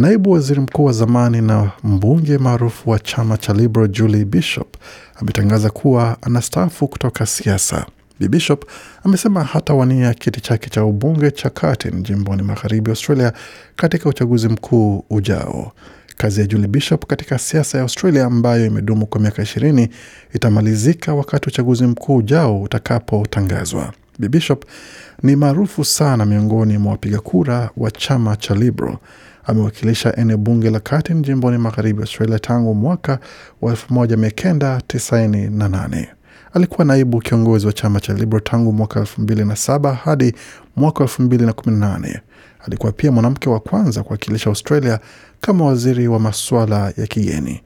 Naibu waziri mkuu wa zamani na mbunge maarufu wa chama cha Liberal Julie Bishop ametangaza kuwa anastaafu kutoka siasa. Bi Bishop amesema hatawania kiti chake cha ubunge cha Katin jimboni magharibi Australia katika uchaguzi mkuu ujao. Kazi ya Julie Bishop katika siasa ya Australia ambayo imedumu kwa miaka ishirini itamalizika wakati uchaguzi mkuu ujao utakapotangazwa. Bi Bishop ni maarufu sana miongoni mwa wapiga kura wa chama cha Liberal amewakilisha eneo bunge la Katin jimboni magharibi Australia tangu mwaka wa 1998. Alikuwa naibu kiongozi wa chama cha Liberal tangu mwaka saba hadi mwaka nane. Alikuwa pia mwanamke wa kwanza kuwakilisha Australia kama waziri wa masuala ya kigeni.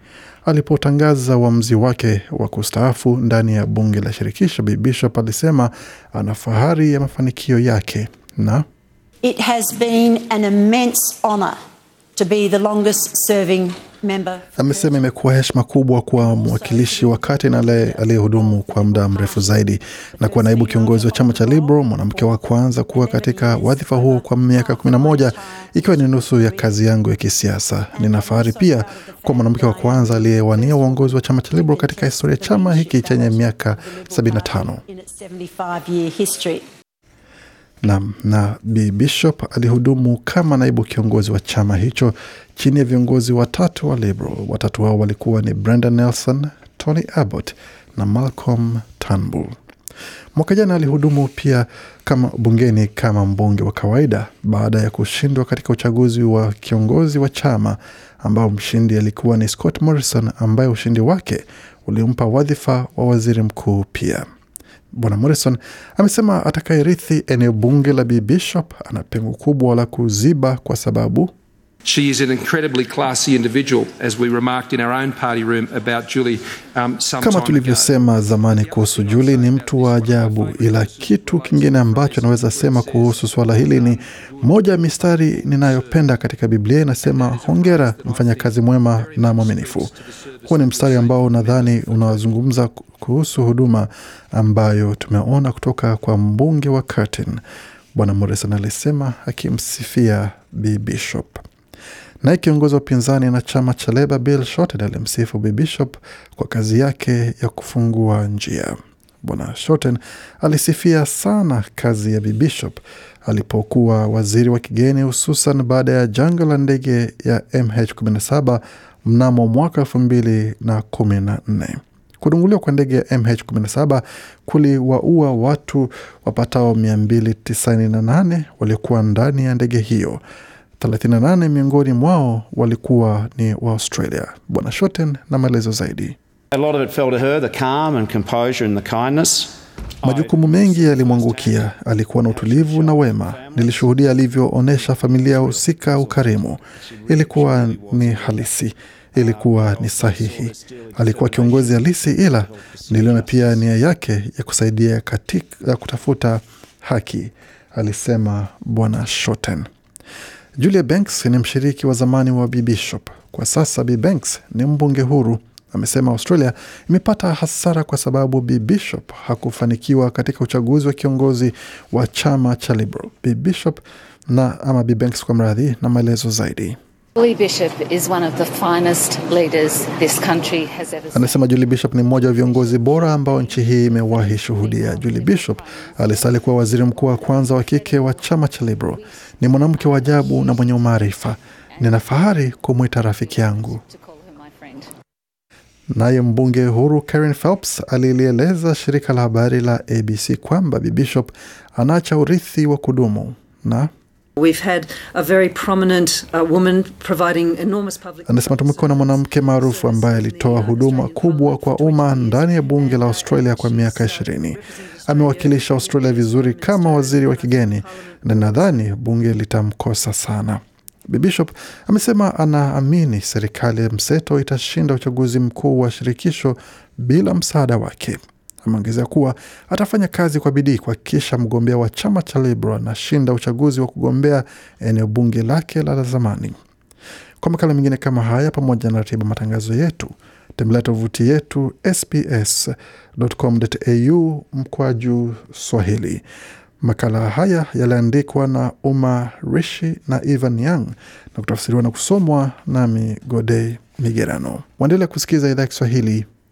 Alipotangaza uamuzi wake wa kustaafu ndani ya bunge la shirikisho, Bi Bishop alisema ana fahari ya mafanikio yake na It has been an immense honor to be the longest serving member. Amesema imekuwa heshima kubwa kuwa mwakilishi wa kati na aliyehudumu kwa muda mrefu zaidi na kuwa naibu kiongozi wa chama cha Liberal, mwanamke wa kwanza kuwa katika wadhifa huo kwa miaka 11 ikiwa ni nusu ya kazi yangu ya kisiasa. Nina fahari pia kuwa mwanamke wa kwanza aliyewania uongozi wa chama cha Liberal katika historia ya chama hiki chenye miaka 75 na, na B. Bishop alihudumu kama naibu kiongozi wa chama hicho chini ya viongozi watatu wa Liberal. Watatu hao walikuwa ni Brendan Nelson, Tony Abbott na Malcolm Turnbull. Mwaka jana alihudumu pia kama bungeni kama mbunge wa kawaida baada ya kushindwa katika uchaguzi wa kiongozi wa chama ambao mshindi alikuwa ni Scott Morrison ambaye ushindi wake ulimpa wadhifa wa waziri mkuu pia. Bwana Morrison amesema atakayerithi eneo bunge la Bi Bishop ana pengo kubwa la kuziba kwa sababu She is an incredibly classy individual, as we remarked in our own party room about Julie. Um, kama tulivyosema zamani kuhusu Julie, ni mtu wa ajabu. Ila kitu kingine ambacho naweza sema kuhusu swala hili ni moja ya mistari ninayopenda katika Biblia inasema, hongera mfanyakazi mwema na mwaminifu. huu ni mstari ambao nadhani unazungumza kuhusu huduma ambayo tumeona kutoka kwa mbunge wa Curtin, Bwana Morrison alisema akimsifia Bi Bishop. Naye kiongozi wa upinzani na chama cha Leba Bill Shorten alimsifu Bi Bishop kwa kazi yake ya kufungua njia. Bwana Shorten alisifia sana kazi ya Bi Bishop alipokuwa waziri wa kigeni, hususan baada ya janga la ndege ya MH17 mnamo mwaka elfu mbili na kumi na nne. Kudunguliwa kwa ndege ya MH17 kuliwaua watu wapatao 298 waliokuwa ndani ya ndege hiyo. 38 miongoni mwao walikuwa ni Waaustralia. Bwana Shoten na maelezo zaidi. Majukumu mengi yalimwangukia. Alikuwa na utulivu na wema. Nilishuhudia alivyoonyesha familia husika ukarimu. Ilikuwa ni halisi, ilikuwa ni sahihi. Alikuwa kiongozi halisi, ila niliona pia nia yake ya kusaidia katika ya kutafuta haki, alisema Bwana Shoten. Julia Banks ni mshiriki wa zamani wa B Bishop. Kwa sasa B Banks ni mbunge huru. Amesema Australia imepata hasara kwa sababu B Bishop hakufanikiwa katika uchaguzi wa kiongozi wa chama cha Liberal. B Bishop na ama B Banks kwa mradhi, na maelezo zaidi Julie Bishop is one of the finest leaders this country has ever seen. Anasema Julie Bishop ni mmoja wa viongozi bora ambao nchi hii imewahi shuhudia. Julie Bishop alistahili kuwa waziri mkuu wa kwanza wa kike wa chama cha Liberal. Ni mwanamke wa ajabu na mwenye umaarifa. Nina fahari kumwita rafiki yangu. Naye mbunge huru Karen Phelps alilieleza shirika la habari la ABC kwamba Bishop anaacha urithi wa kudumu na Uh, Anasema tumekuwa na mwanamke maarufu ambaye alitoa huduma kubwa kwa umma ndani ya bunge la Australia kwa miaka ishirini. Amewakilisha Australia vizuri kama waziri wa kigeni, na nadhani bunge litamkosa sana. Bishop amesema anaamini serikali ya mseto itashinda uchaguzi mkuu wa shirikisho bila msaada wake. Ameongezea kuwa atafanya kazi kwa bidii kuhakikisha mgombea wa chama cha Liberal anashinda uchaguzi wa kugombea eneo bunge lake la zamani. Kwa makala mengine kama haya, pamoja na ratiba matangazo yetu, tembelea tovuti yetu sbs.com.au mkwaju Swahili. Makala haya yaliandikwa na Uma Rishi na Evan Young na kutafsiriwa na kusomwa nami Gode Migerano. Waendelea kusikiza idhaa ya Kiswahili